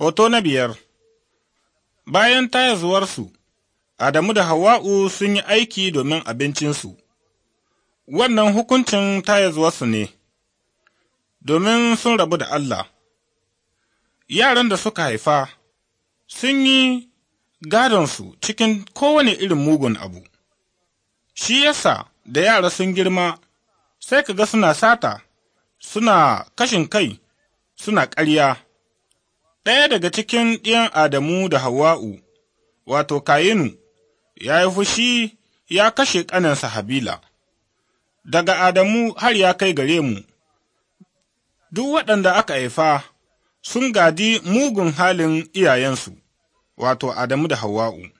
Hoto na biyar Bayan tayazuwarsu, Adamu da Hawa'u sun yi aiki domin abincinsu, wannan hukuncin tayazuwarsu ne, domin sun rabu da Allah. Yaran da suka haifa sun yi gadonsu cikin kowane irin mugun abu, shi yasa da yara sun girma sai ka ga suna sata, suna kashin kai, suna ƙarya. ɗaya daga cikin ɗiyan Adamu da Hawa'u, wato Kayinu, ya yi fushi ya kashe ƙaninsa Habila. Daga Adamu har ya kai gare mu, duk waɗanda aka haifa sun gadi mugun halin iyayensu, wato Adamu da Hawa'u.